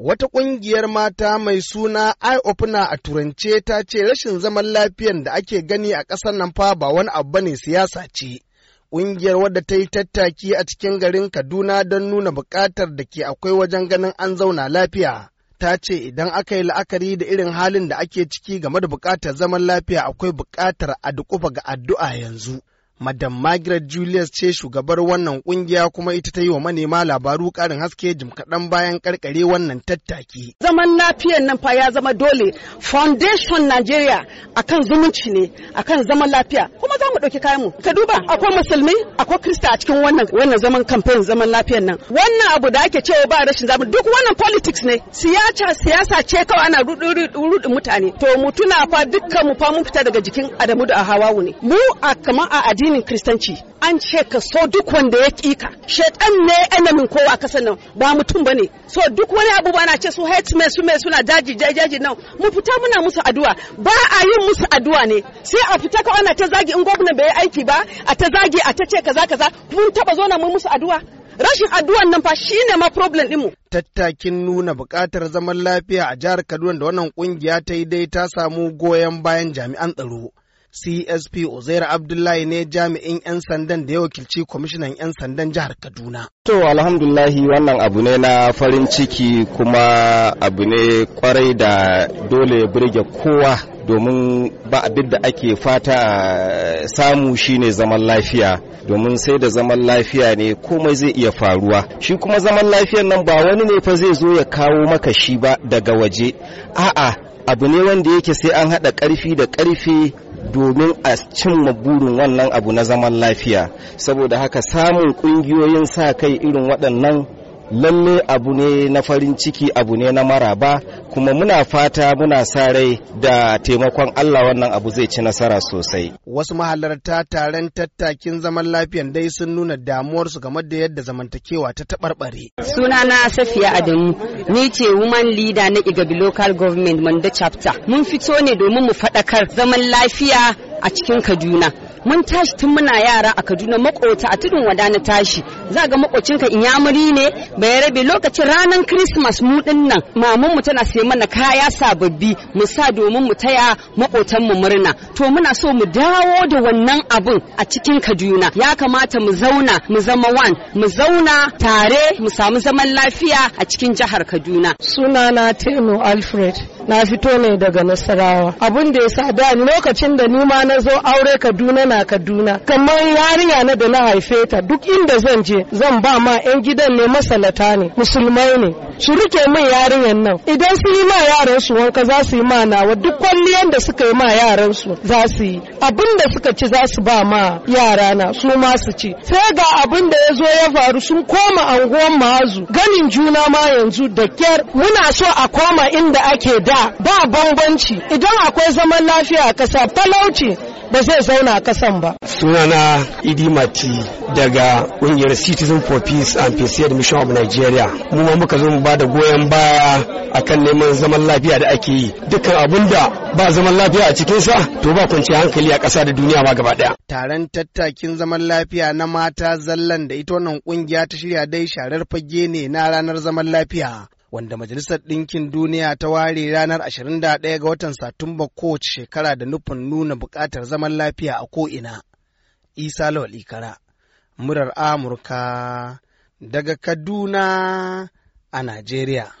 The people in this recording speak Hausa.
Wata ƙungiyar mata mai suna Eye Opener a Turance ta ce rashin zaman lafiyan da ake gani a ƙasar nan fa ba wani abu bane siyasa ce. Ƙungiyar wadda ta yi tattaki a cikin garin Kaduna don nuna buƙatar da ke akwai wajen ganin an zauna lafiya. ta ce idan aka yi la'akari da irin halin da ake ciki game da buƙatar zaman lafiya akwai buƙatar a dukufa ga addu'a yanzu. Madam Margaret Julius ce shugabar wannan kungiya kuma ita ta yi wa manema labaru karin haske jim kaɗan bayan karkare wannan tattaki. Zaman lafiyar nan fa ya zama dole foundation Nigeria akan zumunci ne akan zaman lafiya kuma za mu ɗauki kayan mu. Ka duba akwai musulmi akwai krista a cikin wannan wannan zaman campaign zaman lafiyar nan. Wannan abu da ake cewa ba rashin zaman duk wannan politics ne siyasa siyasa ce kawai ana rudin mutane. To mu tuna fa dukkan mu fa mun fita daga jikin Adamu da Hawawu ne. Mu a kamar a addinin kristanci an ce ka so duk wanda ya kika shaitan ne enemin kowa a kasar nan ba mutum bane so duk wani ba na ce su hate me su me suna daji jaji nan mu fita muna musu addu'a ba a yin musu addu'a ne sai a fita ka ana ta zagi in gwamnati bai aiki ba a ta zagi a ta ce kaza kaza mun taba zo na mu musu addu'a rashin addu'an nan fa shine ma problem mu Tattakin nuna buƙatar zaman lafiya a jihar Kaduna da wannan kungiya ta yi dai ta samu goyon bayan jami'an tsaro. CSP Uzair Abdullahi ne jami'in 'yan sandan da ya wakilci kwamishinan 'yan sandan jihar Kaduna. To alhamdulahi wannan abu ne na farin ciki kuma abu ne kwarai da dole burge kowa domin ba abin da ake fata samu shine zaman lafiya domin sai da zaman lafiya ne komai zai iya faruwa shi kuma zaman lafiyan nan ba wani ne fa zai zo ya kawo maka shi ba daga waje a'a abu ne wanda yake sai an haɗa ƙarfi da ƙarfi domin a cimma burin wannan abu na zaman lafiya saboda haka samun ƙungiyoyin sa kai irin waɗannan lalle abu ne na farin ciki abu ne na maraba kuma muna fata muna sa rai da taimakon Allah wannan abu zai ci nasara sosai. Wasu mahalarta taron tattakin zaman lafiyan dai sun nuna damuwar su game da yadda zamantakewa ta taɓarɓare. na Safiya Adamu, ni ce woman leader na Igabi Local Government Manda Chapter. Mun fito ne domin mu faɗakar zaman lafiya a cikin Kaduna. mun tashi tun muna yara a Kaduna makota a tudun wada na tashi za ga makocinka inyamuri ne bai rabe lokacin ranar Christmas mu din nan maman mu tana sayi mana kaya sababbi mu sa domin mu taya makotan mu murna to muna so mu dawo da wannan abun a cikin Kaduna ya kamata mu zauna mu zama wan mu zauna tare mu samu zaman lafiya a cikin jihar Kaduna sunana temo Alfred na fito ne daga Nasarawa. Abun da ya sa da lokacin da ni ma na zo aure Kaduna na Kaduna. Kamar yarinya na da na haife ta duk inda zan je zan ba ma 'yan gidan ne masalata ne musulmai ne su rike min yarinyan nan idan su yi ma yaran su wanka za su yi ma nawa duk kwalliyan da suka yi ma yaran su za su yi abin da suka ci za su ba ma yara na su ma su ci sai ga abin da ya zo ya faru sun koma anguwan mazu ganin juna ma yanzu da kyar muna so a koma inda ake da ba bambanci idan akwai zaman lafiya a ƙasa talauci ba zai zauna a kasan ba. Sunana Idi Mati daga ƙungiyar Citizen for Peace and Peace and Mission of Nigeria. Mu ma muka zo mu ba da goyon baya akan neman zaman lafiya da ake yi. Dukkan abun da ba zaman lafiya a cikinsa to ba kwanci hankali a ƙasa da duniya ma gaba ɗaya. Taron tattakin zaman lafiya na mata zallan da ita wannan ƙungiya ta shirya dai sharar fage ne na ranar zaman lafiya. wanda Majalisar Ɗinkin Duniya ta ware ranar 21 ga watan Satumba kowace shekara da nufin nuna buƙatar zaman lafiya a ko'ina. Isa Lawal Ikara, murar Amurka daga Kaduna a Najeriya.